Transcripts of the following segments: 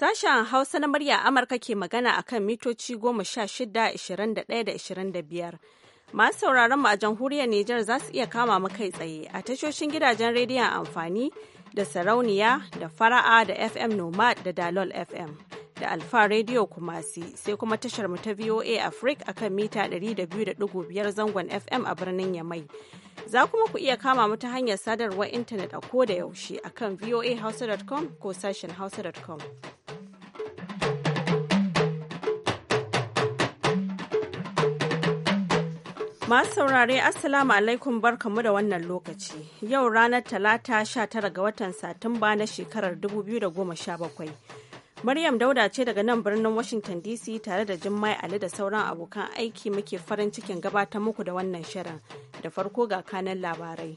Sashen Hausa na murya Amurka ke magana a kan mitoci goma sha shida, ashirin da ɗaya da ashirin da biyar. Masu sauraron mu a jamhuriyar Nijar za su iya kama mu kai tsaye a tashoshin gidajen rediyon amfani da sarauniya da fara'a da FM Nomad da Dalol FM da Alfa Radio Kumasi sai kuma tashar mu ta VOA Africa a kan mita ɗari da da biyu 200.5 zangon FM a birnin Yamai. Za kuma ku iya kama mu ta hanyar sadarwar intanet a ko da yaushe akan voahausa.com ko sashen hausa.com. Masu saurare Assalamu alaikum kamu da wannan lokaci. Yau ranar Talata sha tara ga watan Satumba na shekarar 2017. Maryam Dauda ce daga nan birnin Washington DC tare da Jummai Ali da sauran abokan aiki muke farin cikin gabatar muku da wannan shirin. Da farko ga kanan labarai.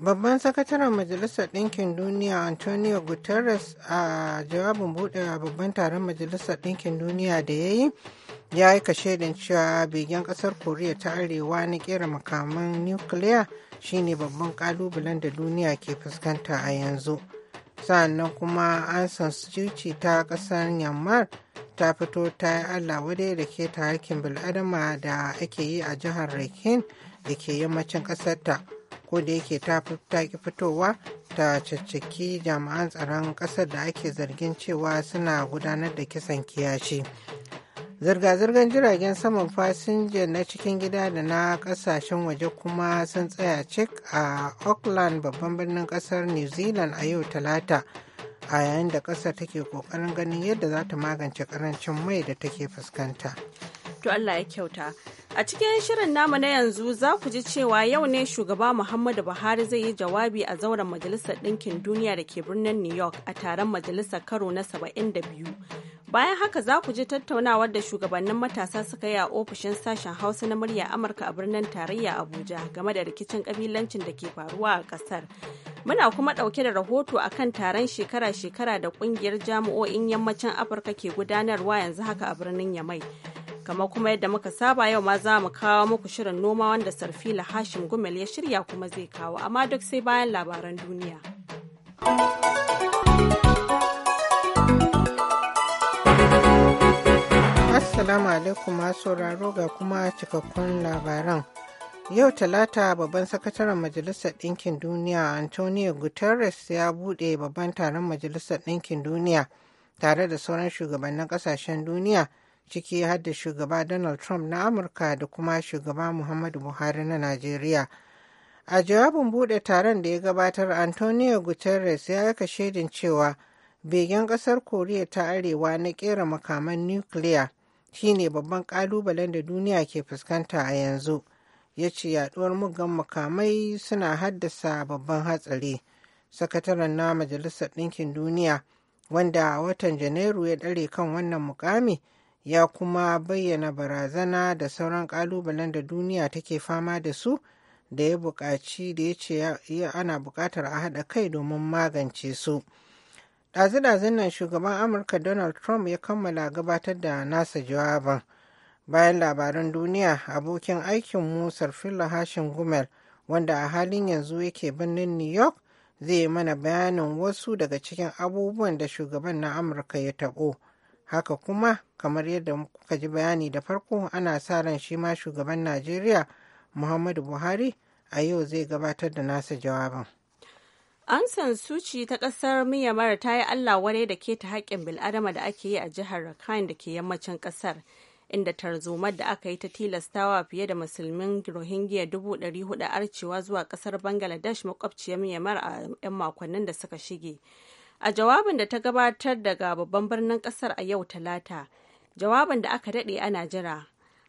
Babban sakataren Majalisar Ɗinkin Duniya Antonio Guterres a jawabin buɗe babban taron Majalisar Ɗinkin Duniya da ya yi ya yi shaidan cewa begen kasar koriya ta arewa na kera makaman nukiliya shine babban kalubalen da duniya ke fuskanta a yanzu sannan kuma an sansuci ta kasar yammar ta fito ta yi allah wadai da ke ta hakin bil'adama da ake yi a jihar rakin da ke yammacin kasarta ko da yake ta ki fitowa ta caccaki jami'an tsaron kasar da ake zargin cewa suna gudanar da kisan kiyashi zirga-zirgar jiragen saman fasinja na cikin gida da na kasashen waje kuma sun tsaya cik a auckland babban birnin kasar new zealand a yau talata a yayin da kasar take kokarin ganin yadda za ta magance karancin mai da take fuskanta to allah ya kyauta a cikin shirin namu na yanzu za ku ji cewa yau ne shugaba muhammadu buhari zai yi jawabi a zauren majalisar ɗinkin duniya da ke birnin new york a taron majalisar karo na 72 Bayan haka za ku je tattaunawar da shugabannin matasa suka yi a ofishin sashen Hausa na murya Amurka a birnin tarayya Abuja game da rikicin kabilancin da ke faruwa a ƙasar. Muna kuma ɗauke da rahoto a kan taron shekara-shekara da ƙungiyar jami'o'in yammacin Afirka ke gudanarwa yanzu haka a birnin Yamai. Kamar kuma yadda muka saba yau ma za mu kawo muku shirin noma wanda Sarfila Hashim Gumel ya shirya kuma zai kawo, amma duk sai bayan labaran duniya. Assalamu alaikum sauraro ga kuma cikakkun labaran. Yau Talata babban sakataren Majalisar Ɗinkin Duniya Antonio Guterres ya buɗe babban taron Majalisar Ɗinkin Duniya tare da sauran shugabannin ƙasashen duniya ciki har da shugaba Donald Trump na Amurka da kuma shugaba Muhammadu Buhari na Najeriya. A jawabin buɗe taron da ya gabatar Antonio Guterres ya yaka shaidin cewa begen ƙasar Koriya ta Arewa na ƙera makaman nukiliya shine babban ƙalubalen da duniya ke fuskanta a yanzu ya ce yaduwar muggan makamai suna haddasa babban hatsari sakataren na majalisar ɗinkin duniya wanda a watan janairu ya ɗare kan wannan mukami ya kuma bayyana barazana da sauran ƙalubalen da duniya take fama da su da ya buƙaci da ya ce ana buƙatar a haɗa kai domin magance su. ɗazu-ɗazun nan shugaban amurka donald trump ya kammala gabatar da nasa jawaban bayan labaran duniya abokin aikin musar fila hashin gumel wanda a halin yanzu yake birnin new york zai mana bayanin wasu daga cikin abubuwan da shugaban na amurka ya taɓo haka kuma kamar yadda kuka ji bayani da farko ana sa ran shi ma shugaban najeriya muhammadu buhari a yau zai gabatar da nasa jawabin. An san Suci ta ƙasar Myanmar ta yi Allah wadai da keta haƙƙin bil'adama da ake yi a jihar Rakhine da ke yammacin ƙasar, inda tarzomar da aka yi ta tilastawa fiye da musulmin Rohingya dubu ɗari hudu arcewa zuwa ƙasar Bangaladesh makwabciyar Myanmar a 'yan makonnin da suka shige. A jawabin da ta gabatar daga babban birnin ƙasar a yau Talata, jawabin da aka daɗe ana jira,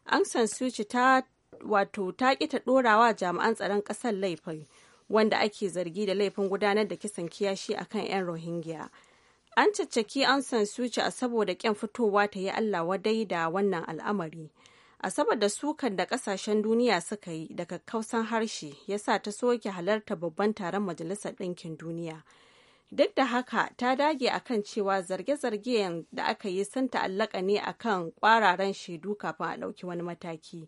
an san Suci ta wato ta ƙi ta dorawa jami'an tsaron ƙasar laifin. wanda ake zargi da laifin gudanar da kisan kiyashi a kan 'yan rohingya an caccaki an san suci a saboda ƙyan fitowa ta yi allah wadai da wannan al'amari a saboda sukan da ƙasashen duniya suka yi daga kausan harshe ya sa ta soke halarta babban taron majalisar ɗinkin duniya duk da haka ta dage akan cewa zarge zarge da aka yi sun ta'allaka ne akan kwararen shaidu kafin a ɗauki wani mataki.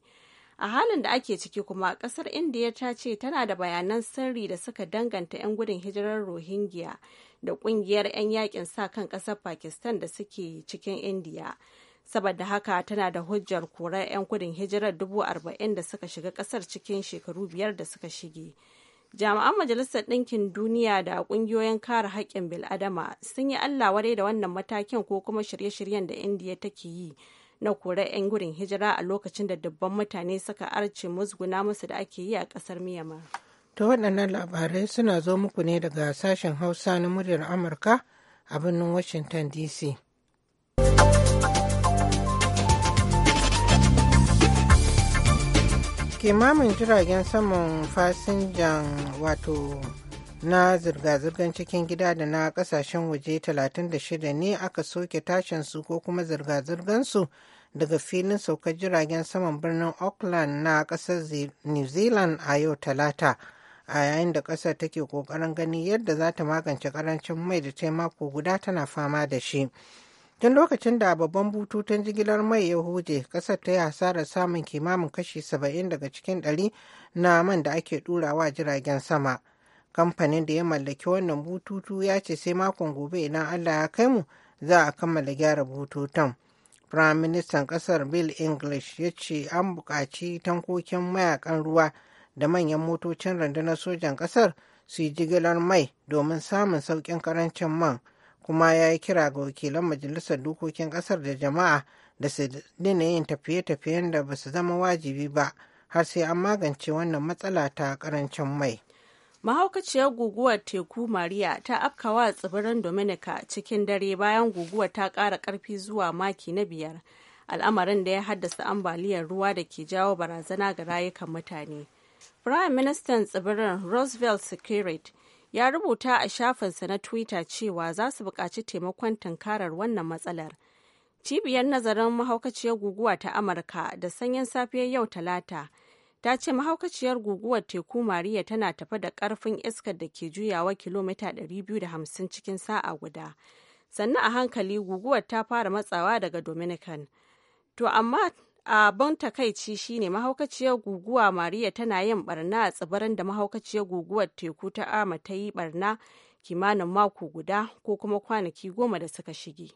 a halin da ake ciki kuma kasar indiya ta ce tana da bayanan sirri da suka danganta 'yan gudun hijirar rohingya da kungiyar 'yan yakin sa kan kasar pakistan da suke cikin indiya saboda haka tana da hujjar kura 'yan gudun hijirar dubu arba'in da suka shiga kasar cikin shekaru biyar da suka shige jami'an majalisar ɗinkin duniya da ƙungiyoyin kare haƙƙin bil'adama sun yi allah da wannan matakin ko kuma shirye-shiryen da indiya take yi na kore 'yan gudun hijira a lokacin da dubban mutane suka arce musguna musu da ake yi a ƙasar miyama ta waɗannan labarai suna zo muku ne daga sashen hausa na muryar amurka a birnin washington dc kimamin jiragen saman fasinjan wato na zirga-zirgar cikin gida da na kasashen waje 36 ne aka soke tashin su ko kuma zirga-zirgansu daga filin saukar jiragen saman birnin auckland na ƙasar new zealand a yau talata a yayin da ƙasar take ƙoƙarin gani yadda za ta magance karancin mai da ta mako guda tana fama da shi tun lokacin da babban bututun jigilar mai ya huje ƙasar ta yi hasarar samun kimamin kashi saba'in daga cikin 100 na man da ake ɗurawa jiragen sama kamfanin da ya mallaki wannan bututu ya ce sai makon gobe idan allah ya kai mu za a kammala gyara bututun Firaministan kasar Bill English ya ce an buƙaci tankokin mayakan ruwa da manyan motocin rundunar sojan kasar su yi jigilar mai domin samun sauƙin karancin man kuma ya yi kira ga wakilan majalisar dokokin kasar da jama'a da su dina yin tafiye-tafiyen da ba su zama wajibi ba har sai an magance wannan matsala ta karancin mai. mahaukaciyar guguwar teku maria ta afkawa tsibirin dominica cikin dare bayan guguwar ta ƙara ƙarfi zuwa maki na biyar al'amarin da ya haddasa ambaliyar ruwa da ke jawo barazana ga rayukan mutane Prime Minister tsibirin roosevelt secret ya rubuta a shafinsa na twitter cewa za su buƙaci taimakon tunkarar wannan matsalar cibiyar nazarin mahaukaciyar guguwa ta amurka da sanyin safiyar yau talata ta ce mahaukaciyar guguwar teku mariya tana tafa da karfin iskar da ke juyawa kilomita 250 cikin sa'a guda sannan a hankali guguwar ta fara matsawa daga dominican to amma a abin takaici shine mahaukaciyar guguwa mariya tana yin barna a tsibirin da mahaukaciyar guguwar teku ta ama ta yi barna kimanin mako guda ko kuma kwanaki goma da suka shige.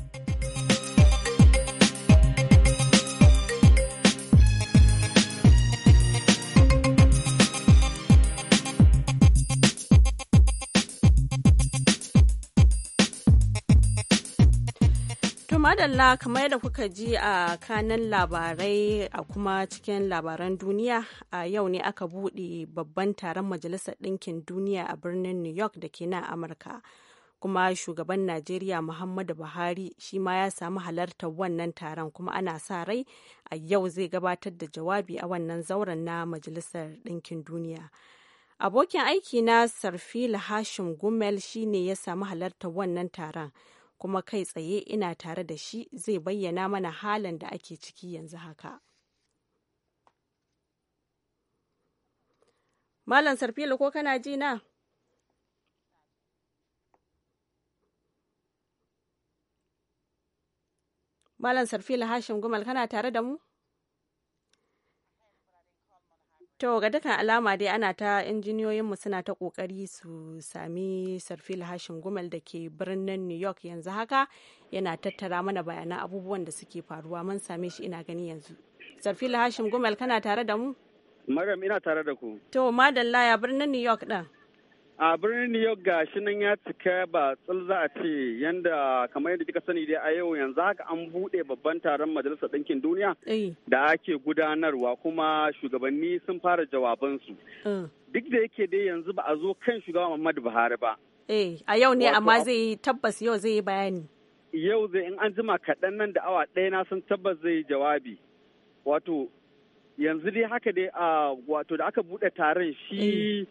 madalla kamar yadda kuka ji a kanan labarai a kuma cikin labaran duniya a yau ne aka buɗe babban taron majalisar ɗinkin duniya a birnin new york da ke nan amurka kuma shugaban najeriya muhammadu buhari shi ma ya samu halartar wannan taron kuma ana sa rai a yau zai gabatar da jawabi a wannan zauren na majalisar ɗinkin duniya abokin aiki na sarfila hashim gumel shi ne ya samu halartar wannan taron kuma kai tsaye ina tare da shi zai bayyana mana halin da ake ciki yanzu haka. Malam Sarfilu ko kana ji na? Malam Sarfilu Hashim Gumal kana tare da mu? To ga dukkan alama dai ana ta injiniyoyinmu suna ta kokari su sami sarfil hashin gumal da ke birnin New York yanzu haka yana tattara mana bayanan abubuwan da suke faruwa mun same shi ina gani yanzu. Sarfil hashin gumal kana tare da mu? Maryam ina tare da ku. To madalla ya birnin New York ɗin. a birnin new york ga shi nan ya cika ba tsil za a ce yadda kamar yadda kika sani dai a yau yanzu haka an buɗe babban taron majalisar ɗinkin duniya eh. da ake gudanarwa kuma shugabanni sun fara jawabansu eh. duk da yake dai yanzu ba a zo kan shugaba muhammadu buhari ba eh, a yau ne amma zai yi tabbas yau zai yi bayani yau zai in an jima kaɗan nan da awa ɗaya na sun tabbas zai yi jawabi wato yanzu dai haka dai a wato da aka buɗe taron shi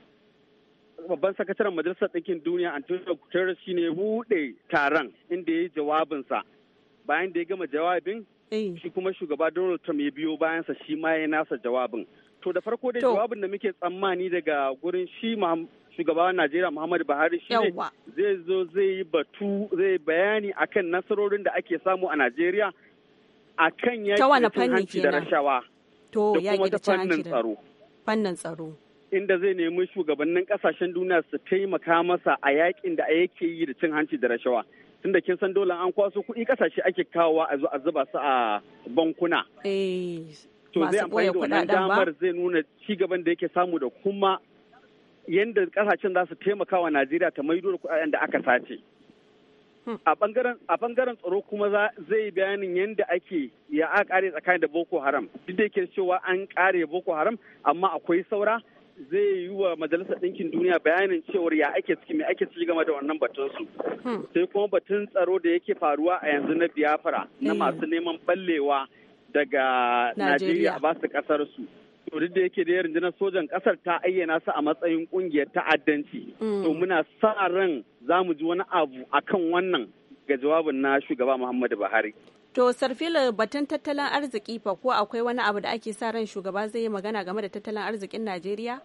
babban sakataren majalisar ɗinkin duniya antonio guterres shine ne buɗe taron inda ya yi jawabinsa bayan da ya gama jawabin eh. shi kuma shugaba donald trump ya biyo bayansa shi ma ya nasa jawabin to da farko dai jawabin da muke tsammani daga gurin shi shugaba najeriya muhammadu buhari shi ne zai zo zai yi batu zai bayani akan nasarorin da ake samu a najeriya akan yaki da hanci da rashawa da kuma ta fannin tsaro fannin tsaro inda zai nemi shugabannin kasashen duniya su taimaka masa a yakin da yake yi da cin hanci da rashawa tunda kin san dole an kwaso kuɗi kasashe ake kawowa a zo a zuba su a bankuna eh, to zai amfani da wannan damar zai nuna ci gaban da yake samu da kuma yadda kasashen za su taimaka wa najeriya ta maido da kuɗaɗen da aka sace hmm. a bangaren tsaro kuma zai bayanin yadda ake ya a kare tsakanin da boko haram duk da yake cewa an kare boko haram amma akwai saura zai yi wa majalisar ɗinkin duniya bayanin cewar ya ake ciki mai ake ciki game da wannan batun su hmm. sai kuma batun tsaro da yake faruwa a yanzu na biyafara na eh. masu neman ballewa daga najeriya ba su kasar su da yake da rundunar sojan kasar ta ayyana su a matsayin ƙungiyar ta'addanci hmm. to muna sa ran za mu ji wani abu akan wannan ga jawabin na shugaba muhammadu buhari To Sarfila batun tattalin arziki fa ko akwai wani abu da ake sa ran shugaba zai yi magana game da tattalin arzikin Najeriya?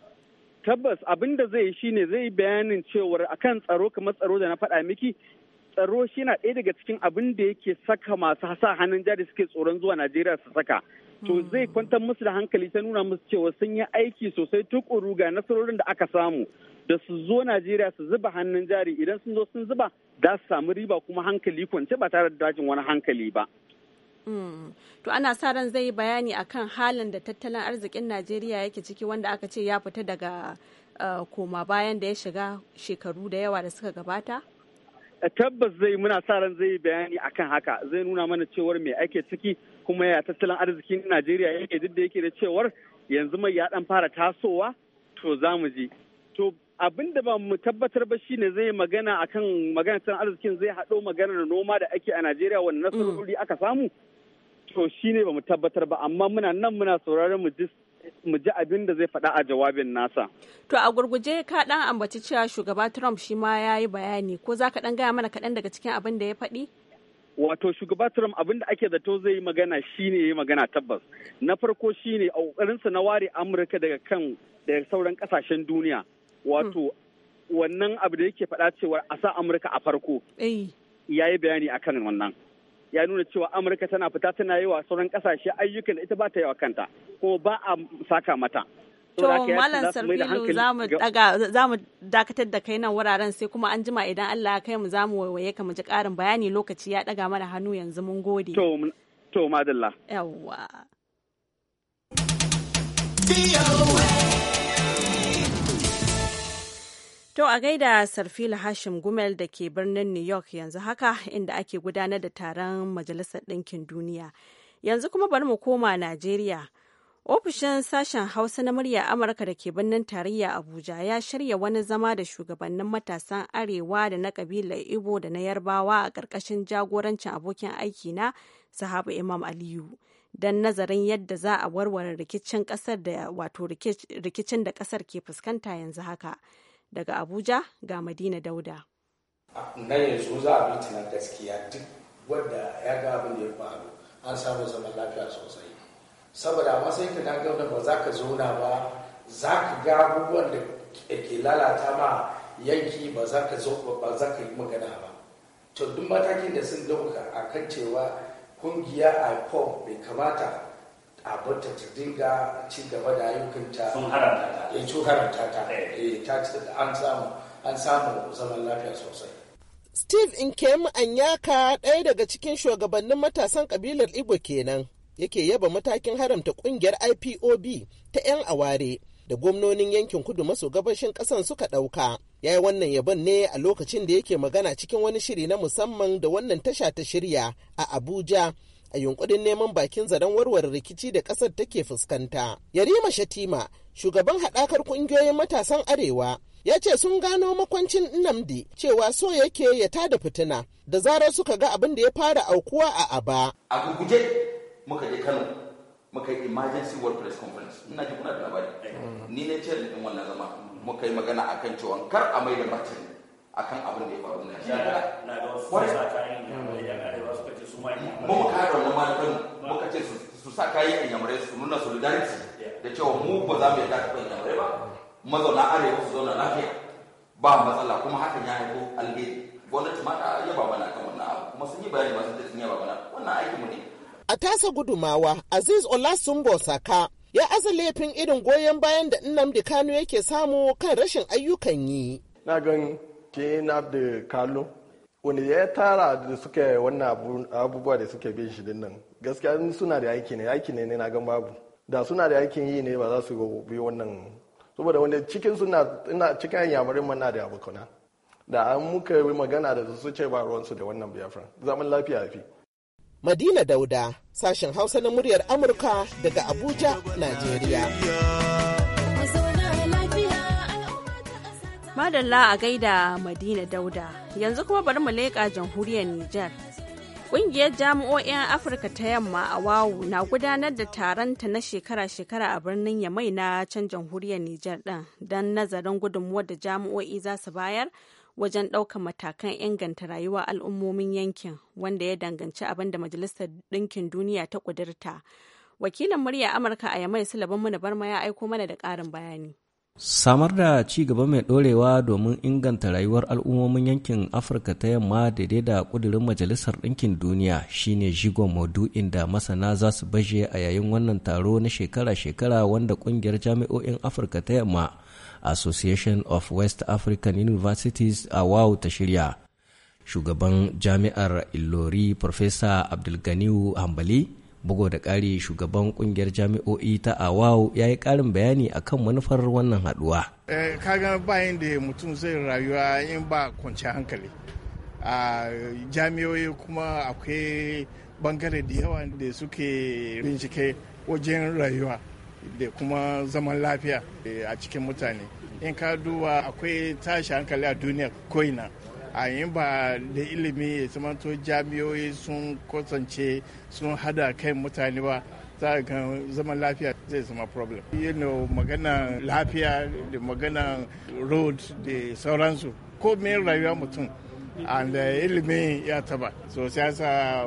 Tabbas abin da zai yi shine zai yi bayanin cewar akan tsaro kamar tsaro da na faɗa miki tsaro shi na ɗaya daga cikin abin da yake saka masu hasa hannun jari suke tsoron zuwa Najeriya su saka. To hmm. zai kwantar musu da hankali ta nuna musu cewa sun yi aiki sosai tukuru ga nasarorin da aka samu. da su zo Najeriya su zuba hannun jari idan sun zo sun zuba za su samu riba kuma hankali kwance ba tare da dajin wani hankali ba. Hmm. To ana sa ran zai yi bayani akan halin da tattalin arzikin Najeriya yake ciki wanda aka ce ya fita daga eh, koma bayan da ya shiga shekaru da yawa da suka gabata? Eh, tabbas zai muna sa ran zai yi bayani akan haka zai nuna mana cewar me ake ciki kuma ya tattalin arzikin Najeriya yake duk da yake da cewar yanzu mai ya dan fara tasowa to za mu ji. To abin da ba mu tabbatar ba shine zai magana akan magana tattalin arzikin zai haɗo maganar noma da ake a Najeriya wani mm. nasarori aka samu to shine ba mu tabbatar ba amma muna nan muna sauraron mu ji mu ji abin da zai faɗa a jawabin nasa. To a gurguje ka dan ambaci cewa shugaba Trump shi ma ya bayani ko za ka gaya mana kaɗan daga cikin abin da ya faɗi? wato shugaba Trump abin da ake zato zai yi magana shine ya magana tabbas na farko shine a kokarinsa na ware Amurka daga kan daga sauran kasashen duniya wato wannan abu da yake faɗa cewa a sa amurka a farko Yayi bayani a kan wannan ya nuna cewa amurka tana fita tana yi wa sauran kasashe ayyukan da ita ba ta yi wa kanta ko ba a saka mata To Malam Sarfilu za mu dakatar da kai nan wuraren sai kuma an jima idan Allah ya kai mu za mu waiwaye ka mu ji ƙarin bayani lokaci ya ɗaga mana hannu yanzu mun gode. To to madalla. Yawwa. To a gaida Sarfila Hashim Gumel da ke birnin New York yanzu haka inda ake gudanar da taron Majalisar Ɗinkin Duniya. Yanzu kuma bari mu koma Najeriya. Ofishin sashen Hausa na murya Amurka da ke birnin tarayya Abuja ya shirya wani zama da shugabannin matasan Arewa da na kabilar ibo da na Yarbawa a ƙarƙashin jagorancin abokin aiki na Sahabu Imam Aliyu. don nazarin yadda za a warware rikicin ƙasar da wato rikicin da ƙasar ke fuskanta yanzu haka daga abuja ga madina dauda nan yanzu za a bi tunan gaskiya duk wadda ya ga abin da ya faru an samu zaman lafiya sosai saboda amma sai ka dan gwamna ba za ka zauna ba za ka ga abubuwan da ke lalata ma yanki ba za ka zo ba za ka yi magana ba to duk matakin da sun dauka a kan cewa kungiya ipop bai kamata abinta ta dinga ci gaba da ayyukanta sun haramta ta ya ta eh, eh. eh da an samu an samu zaman lafiya sosai Steve Nkem Anyaka ɗaya daga cikin shugabannin matasan ƙabilar Igbo kenan yake yaba matakin haramta ƙungiyar IPOB ta 'yan aware da gwamnonin yankin kudu maso gabashin ƙasan suka ɗauka. Ya yi wannan yabon ne a lokacin da yake magana cikin wani shiri na musamman da wannan tasha ta shirya a Abuja a yunkurin neman bakin zaren warware rikici da ƙasar take fuskanta. Yarima Shatima, shugaban haɗakar ƙungiyoyin matasan Arewa, ya ce sun gano makwancin Nnamdi cewa so yake ya tada fitina da zarar suka ga abin da ya fara aukuwa a aba. A guguje muka je Kano muka yi emergency world press conference ina ji kuna da labari ni ne ce da wannan zama muka yi magana akan cewa kar a mai da martani akan abin da ya faru na shi na ga wasu sa ce su ma mu muka haɗa wannan malafin muka ce su sa a yamurai su nuna solidarity da cewa mu ba za mu yarda taɓa yamurai ba mazauna arewa su zauna lafiya ba matsala kuma hakan ya haifo alheri gwamnati ma ta yaba mana kan wannan abu kuma sun yi bayani masu da sun yaba mana wannan aikin mu ne a tasa gudumawa aziz olasunbo saka ya aza laifin irin goyon bayan da nnamdi kano yake samu kan rashin ayyukan yi na gani shi na da kalo wani ya tara da suka wannan abubuwa da suka bin shi dinnan gaskiya suna da aiki ne aiki ne na gan babu da suna da aikin yi ne ba za su bi wannan saboda wanda cikin suna ina cikin yamarin mana da abokana da an muka yi magana da su ce ba ruwansu da wannan biafran zaman lafiya fi madina dauda sashen hausa na muryar amurka daga abuja najeriya Madalla a gaida Madina Dauda, yanzu kuma bari mu leƙa jamhuriyar Nijar. Ƙungiyar jami'o'in Afirka ta yamma a Wawu na gudanar da taronta na shekara-shekara a birnin Yamai na can jamhuriyar Nijar ɗin don nazarin gudunmuwar da jami'o'i za su bayar wajen ɗaukar matakan inganta rayuwa al'ummomin yankin wanda ya danganci abin da Majalisar Ɗinkin Duniya ta ƙudurta. Wakilin murya Amurka a Yamai Sulaiman Muna Barma ya aiko mana da ƙarin bayani. Samar da ci gaba mai ɗorewa domin inganta rayuwar al'ummomin yankin Afirka ta yamma daidai da ƙudirin Majalisar Ɗinkin Duniya shine jigon maudu'in da masana za su baje a yayin wannan taro na shekara-shekara wanda ƙungiyar jami'o'in Afirka ta yamma Association of West African Universities a WAU ta shirya. Shugaban jami'ar Ilori Profesa Abdulganiu Hambali bugo da ƙari shugaban kungiyar jami'o'i ta awau ya yi ƙarin bayani a kan manufar wannan haɗuwa eh, kaga bayan da mutum zai rayuwa in ba kwanci hankali a jami'o'i kuma akwai bangare da yawa da suke bincike wajen rayuwa da kuma zaman lafiya eh, a cikin mutane in ka duba akwai tashi hankali a duniya ko'ina a yin ba da ilimi ya zamanto jami'oyi sun kusance sun hada kai mutane ba za ga zaman lafiya zai zama problem you know magana lafiya da magana road da sauransu ko mai rayuwa mutum and ilimi ya taba so siyasa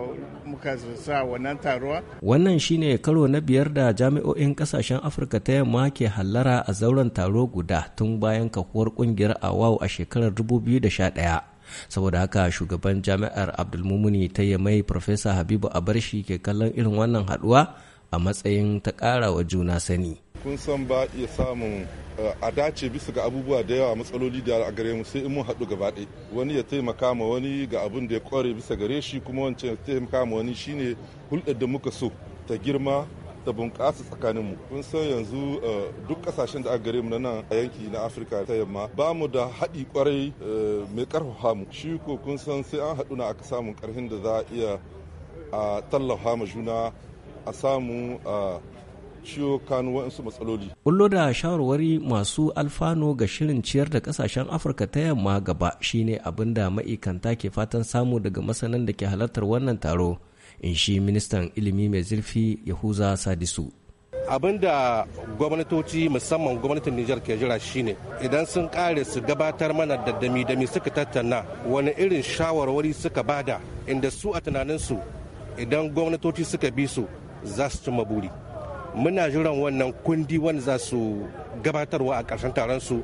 muka sa wannan taruwa wannan shine karo na biyar da jami'o'in kasashen afirka ta yamma ke hallara a zauren taro guda tun bayan kakuwar kungiyar awau a shekarar 2011 saboda haka shugaban jami'ar abdulmumuni ta mai profesa habibu abarshi ke kallon irin wannan haduwa a matsayin ta karawa wa juna sani kun san ba iya samun eh, a dace bisa ga abubuwa da yawa matsaloli da a gare mu sai in mun haɗu gaba ɗaya wani ya taimaka ma wani ga abin da ya kware bisa gare shi kuma wancan ya taimaka ma wani shine hulɗar da muka so ta girma da bunƙasa tsakaninmu kun san yanzu eh, duk ƙasashen da aka gare mu na nan a yanki na afirka ta yamma ba mu da haɗi kwarai eh, mai ƙarfafa mu shi ko kun san sai an haɗu na aka samu ƙarfin da za a iya a tallafa ma juna a samu a ciwo kanu waɗansu matsaloli. Bullo da shawarwari masu alfano ga shirin ciyar da kasashen Afirka ta yamma gaba shine abin da ma'ikanta ke fatan samu daga masanan da ke halartar wannan taro in shi ministan ilimi mai zurfi yahuza sadisu abin da gwamnatoci musamman gwamnatin Nijar ke jira shine idan sun kare su gabatar mana da dami-dami suka tattauna wani irin shawarwari suka bada inda su a tunaninsu idan gwamnatoci suka bi su za su cimma buri muna jiran wannan kundi wani za su gabatarwa a ƙarshen taron su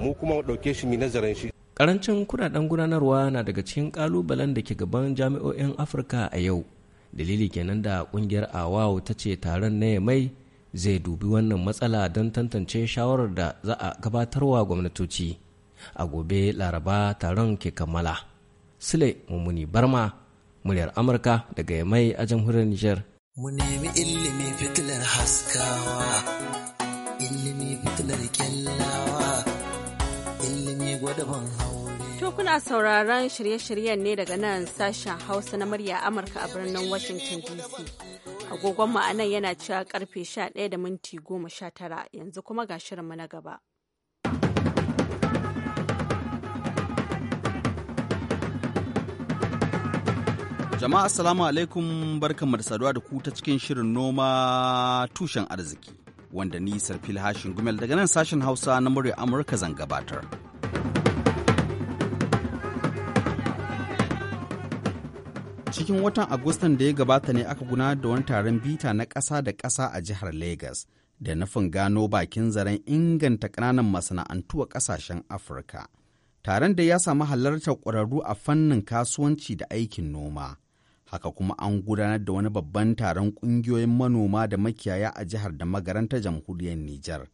mu kuma ɗauke shi mai nazarin shi karancin kudaden gudanarwa na daga cikin kalubalen da ke gaban jami'o'in afirka a yau dalili kenan da kungiyar awawo ta ce taron na mai zai dubi wannan matsala don tantance shawarar da za a gabatarwa gwamnatoci a gobe laraba taron ke kammala sule mummuni barma muryar amurka daga mai a jamhuriyar nijar mu nemi ilimi fitilar haskawa ilimi fitilar kuna sauraron shirye-shiryen ne daga nan sashen Hausa na murya Amurka a birnin Washington DC. Agogon a nan yana cewa karfe 11 da minti 19 yanzu kuma ga shirinmu na gaba. Jama'a Assalamu alaikum barkanmu da saduwa da ku ta cikin shirin noma tushen arziki wanda ni Sarfil Hashin Gumel daga nan sashen Hausa na murya Amurka zan gabatar. cikin watan agustan da ya gabata ne aka gudanar da wani taron bita na ƙasa da ƙasa a jihar Legas da nufin gano bakin zaren inganta ƙananan masana'antu a ƙasashen afirka taron da ya samu halartar ƙwararru a fannin kasuwanci da aikin noma haka kuma an gudanar da wani babban taron ƙungiyoyin manoma da makiyaya a jihar da magarantar jamhuriyar nijar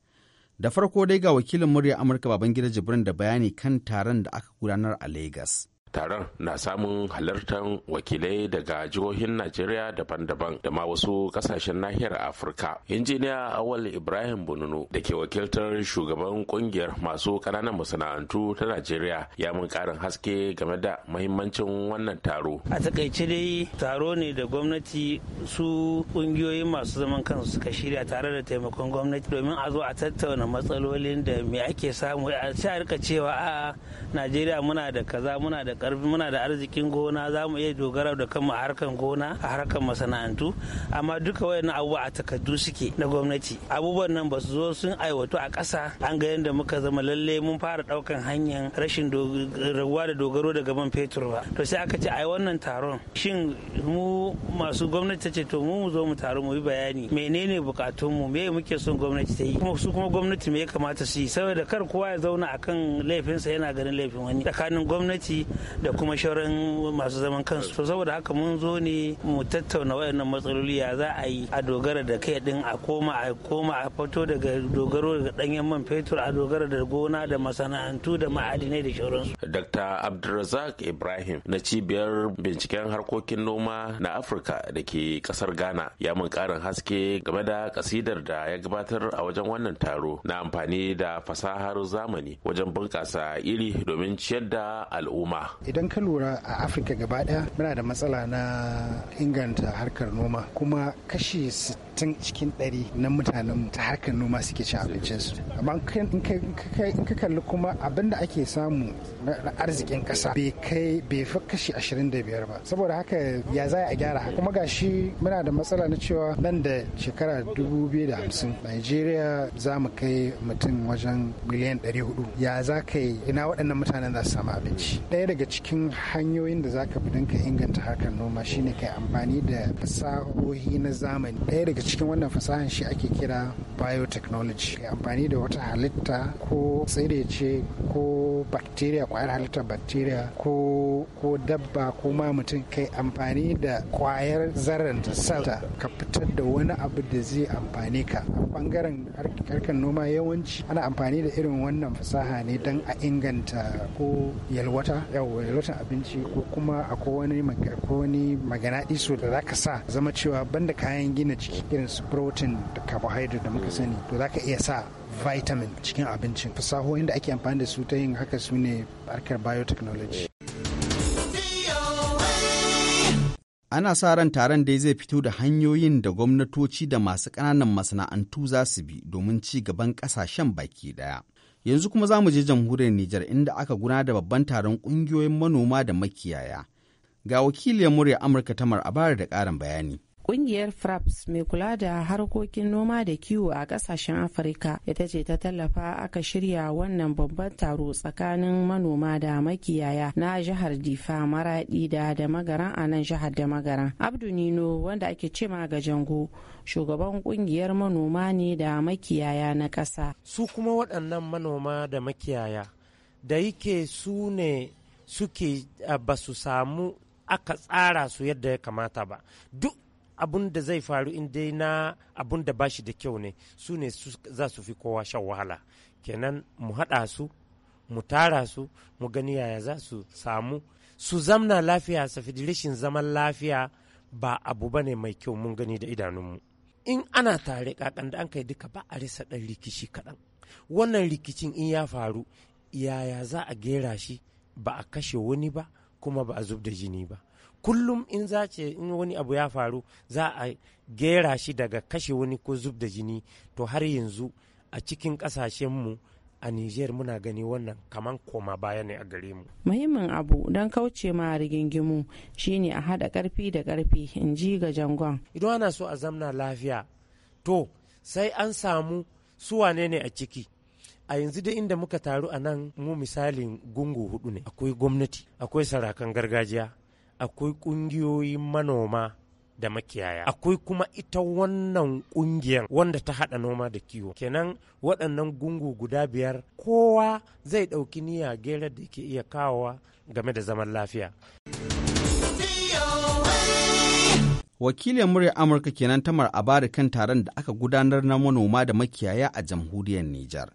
da farko dai ga wakilin murya amurka babangida jibrin da bayani kan taron da aka gudanar a Legas. taron na samun halartar wakilai daga jihohin najeriya daban-daban da ma wasu kasashen nahiyar afirka injiniya awal ibrahim bununu da ke wakiltar shugaban kungiyar masu kananan masana'antu ta najeriya ya mun ƙarin haske game da mahimmancin wannan taro a takaice dai taro ne da gwamnati su kungiyoyi masu zaman kansu suka shirya tare da taimakon gwamnati domin a zo a tattauna matsalolin da me ake samu a cewa a najeriya muna da kaza muna da karfi muna da arzikin gona za mu iya dogara da kanmu a harkar gona a harkar masana'antu amma duka wayannan abubuwa a takardu suke na gwamnati abubuwan nan ba su zo sun aiwatu a ƙasa an ga yadda muka zama lalle mun fara ɗaukan hanyar rashin raguwa da dogaro daga man fetur ba to sai aka ce ai wannan taron shin mu masu gwamnati ta ce to mu mu zo mu taro mu yi bayani menene bukatunmu me muke son gwamnati ta yi kuma su kuma gwamnati me ya kamata su yi saboda kar kowa ya zauna akan laifinsa yana ganin laifin wani tsakanin gwamnati da kuma shirin masu zaman kansu saboda haka mun zo ne mu tattauna wayannan matsaloli ya za a yi a dogara da kai din a koma a koma a fito daga dogaro daga danyen man fetur a dogara da gona da masana'antu da ma'adinai da shauransu Dr. Abdulrazak Ibrahim na cibiyar binciken harkokin noma na Afirka da ke kasar Ghana ya mun karin haske game da kasidar da ya gabatar a wajen wannan taro na amfani da fasahar zamani wajen bunƙasa iri domin ciyar da al'umma. idan ka lura a afirka gaba daya muna da matsala na inganta harkar noma kuma kashi 60 cikin 100 na mutanen ta harkar noma suke cin abincin su amma in ka kalli kuma abinda ake samu na arzikin kasa bai kai bai fi kashi 25 ba saboda haka ya za a gyara kuma gashi muna da matsala na cewa nan da shekara 2050 Najeriya za mu kai mutum wajen miliyan 400 ya za ka yi ina waɗannan mutanen za su samu abinci Daya daga cikin hanyoyin da zaka bi ka inganta harkar noma shine kai amfani da fasahohi na zamani ɗaya daga cikin wannan fasahan shi ake kira biotechnology amfani da wata halitta ko tsire ce ko bacteria kwayar halittar bacteria ko ko dabba ko ma mutum kai amfani da kwayar zarar da salta ka fitar da wani abu da zai amfani ka a bangaren harkar noma yawanci ana amfani da irin wannan fasaha ne don a inganta ko yalwata wani abinci ko kuma akwai wani wani magana iso da zaka sa zama cewa banda kayan gina jiki irin su protein da carbohydrate da muka sani to zaka iya sa vitamin cikin abincin fasahohin da ake amfani da su ta yin haka su ne harkar biotechnology ana sa ran taron dai zai fito da hanyoyin da gwamnatoci da masu ƙananan masana'antu za su bi domin ci gaban ƙasashen baki ɗaya. Yanzu kuma za mu je jamhuriyar Nijar inda aka guna da babban taron ƙungiyoyin manoma da makiyaya. Ga wakiliyar murya Amurka Tamar bayar da ƙarin bayani. Kungiyar FRAPS mai kula da harkokin noma da kiwo a kasashen Afirka ita ce ta tallafa aka shirya wannan babban taro tsakanin manoma da makiyaya na jihar Difa Maradi da da magaran a nan jihar da magaran. Abdu Nino wanda ake ce ma jango shugaban kungiyar manoma ne da makiyaya na kasa. Su kuma waɗannan manoma da makiyaya da yake su ne suke ba su samu aka tsara su yadda ya kamata ba duk abun da zai faru in dai na abun da bashi da kyau ne su ne za su fi kowa shan wahala kenan mu haɗa su mu tara su mu gani yaya za su samu su zamna lafiya su rashin zaman lafiya ba abu ba ne mai kyau mun gani da idanunmu in ana tare kakan da an kai duka ba a risa ɗan rikici kaɗan wannan rikicin in ya faru yaya za a gera shi ba a kashe wani ba kuma ba a zub da jini ba kullum in za ce in wani abu ya faru za a gera shi daga kashe wani ko zub da jini to har yanzu a cikin mu a Niger muna gani wannan kamar koma baya ne a gare mu. Muhimmin abu don kauce ma rigingimu shine a haɗa ƙarfi da karfi in ji ga jangon. Idan ana so a zamna lafiya to sai an samu su wanene ne a ciki. A yanzu da inda muka taru a nan mu misalin gungu hudu ne akwai gwamnati akwai sarakan gargajiya akwai ƙungiyoyin manoma da makiyaya akwai kuma ita wannan ƙungiyar. wanda ta haɗa noma da kiwo kenan waɗannan gungu guda biyar kowa zai ɗauki niyya gerar da ke iya kawowa game da zaman lafiya wakilin murya amurka kenan tamar bari kan taron da aka gudanar na manoma da makiyaya a jamhuriyar nijar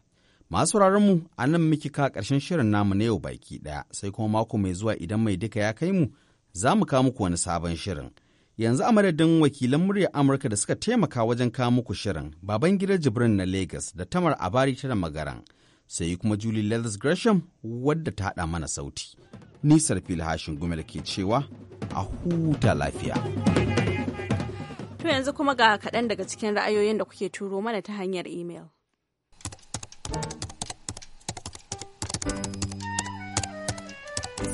masu mu a nan muke ka ƙarshen shirin namu na yau baki ɗaya sai kuma mako mai zuwa idan mai duka ya kai mu za mu kawo muku wani sabon shirin. Yanzu a madadin wakilan murya Amurka da suka taimaka wajen kawo muku shirin, baban gidan Jibrin na Lagos da Tamar Abari ta da Magaran, sai kuma Julie Leathers Gresham wadda ta haɗa mana sauti. Nisar Filhashin Gumel ke cewa a huta lafiya. To yanzu kuma ga kaɗan daga cikin ra'ayoyin da kuke turo mana ta hanyar email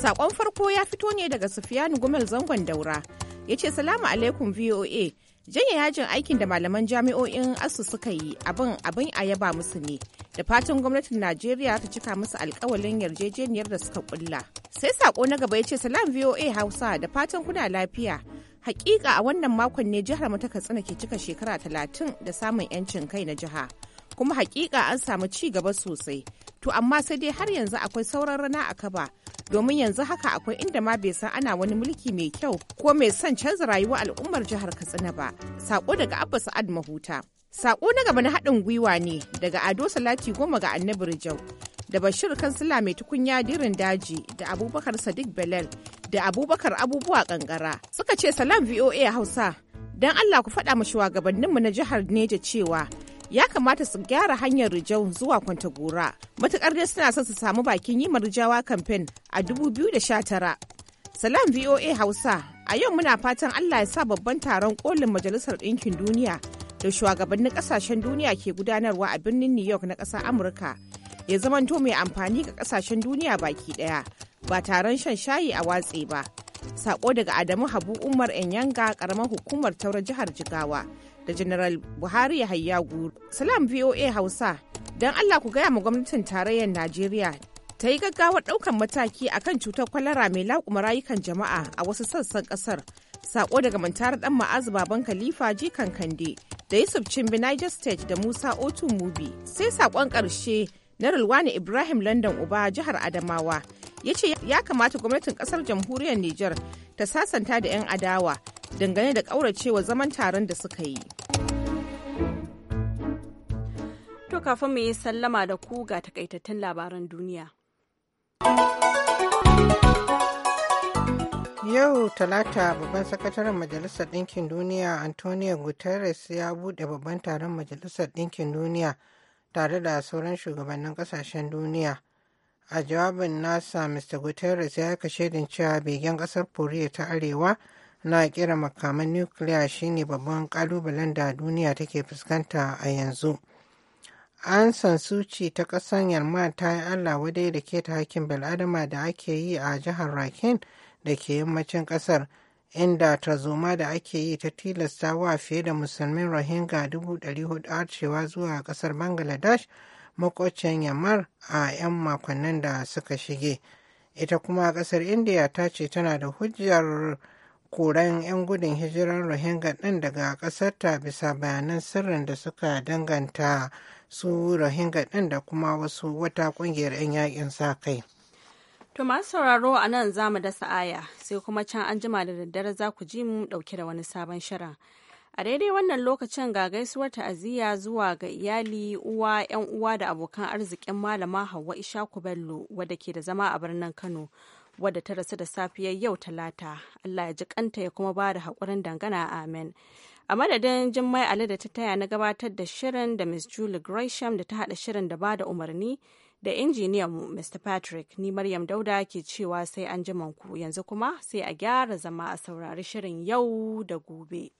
Sakon farko ya fito ne daga Sufiyanu Gumel Zangon Daura. Ya ce salamu alaikum VOA. Janye yajin aikin da malaman jami'o'in asu suka yi abin abin a yaba musu ne. Da fatan gwamnatin Najeriya ta cika musu alkawalin yarjejeniyar da suka kulla. Sai sako na gaba ya ce salam VOA Hausa da fatan kuna lafiya. Hakika a wannan makon ne jihar mu ta Katsina ke cika shekara talatin da samun 'yancin kai na jiha. Kuma hakika an samu ci gaba sosai. To amma sai dai har yanzu akwai sauran rana a kaba domin yanzu haka akwai inda ma bai san ana wani mulki mai kyau ko mai son canza rayuwar al'ummar jihar katsina ba sako daga abba sa'ad mahuta sako na gaba na haɗin gwiwa ne daga ado salati goma ga annabi rijau da bashir kansila mai tukunya dirin daji da abubakar sadiq belal da abubakar abubuwa kankara suka ce salam voa hausa don allah ku faɗa ma shugabanninmu na jihar neja cewa ya kamata su gyara hanyar rijau zuwa kwanta gora. matukar dai suna son su samu bakin yi rijawa kamfen a 2019 salam voa hausa a yau muna fatan allah ya sa babban taron kolin majalisar ɗinkin duniya da shugabannin ƙasashen duniya ke gudanarwa a birnin new york na ƙasar amurka ya zamanto mai amfani ga ƙasashen duniya baki ɗaya ba taron shan shayi a watse ba sako daga adamu habu umar enyanga ƙaramar hukumar Tauro jihar jigawa da General Buhari Yahaya Guru. Salam VOA Hausa, don Allah ku gaya ma gwamnatin tarayyar Najeriya ta yi gaggawar ɗaukan mataki a kan cutar kwalara mai laƙuma rayukan jama'a a wasu sassan ƙasar. Sako daga mantar ɗan ma'azu baban Khalifa Jikan Kande da Yusuf Cimbi Niger State da Musa Otu Mubi sai sakon ƙarshe na Rulwani Ibrahim London Uba jihar Adamawa ya ce ya kamata gwamnatin ƙasar jamhuriyar Nijar ta sasanta da 'yan adawa dangane da ƙauracewa zaman taron da suka yi. To kafin mu yi sallama da ku ga takaitattun labaran duniya. Yau Talata babban sakataren Majalisar Ɗinkin Duniya Antonio Guterres ya buɗe babban taron Majalisar Ɗinkin Duniya tare da sauran shugabannin ƙasashen duniya. A jawabin nasa Mr. Guterres ya kashe shaidin cewa begen ƙasar Koriya ta Arewa na kera makaman nukiliya shine babban kalubalen da duniya take fuskanta a yanzu an san suci ta ƙasar yamma ta yi allah wadai da keta hakin bil'adama da ake yi a jihar rakin da ke yammacin ƙasar inda tarzoma da ake yi ta tilasta wa fiye da musulmin rohingya 400 arcewa zuwa ƙasar bangladesh makwacin yammar a 'yan makonnin da suka shige ita kuma ƙasar india ta ce tana da hujjar koran 'yan gudun hijirar rohingya ɗin daga ƙasarta bisa bayanan sirrin da suka danganta su rohingya ɗin da kuma wasu wata ƙungiyar 'yan yakin sa kai. To masu sauraro a nan za mu dasa aya sai kuma can an jima da daddare za ku ji mu ɗauke da wani sabon shirin. A daidai wannan lokacin ga gaisuwar ta'aziyya zuwa ga iyali, uwa, 'yan uwa da abokan arzikin malama Hauwa Ishaku Bello wadda ke da zama a birnin Kano. wadda ta rasu da safiyar yau talata allah ya ji kanta ya kuma ba da haƙurin dangana amen a madadin jimmai ali da ta taya na gabatar da shirin da miss julie gresham da ta haɗa shirin da ba da umarni da injiniyan mr patrick ni maryam dauda ke cewa sai an ku yanzu kuma sai a gyara zama a saurari shirin yau da gobe.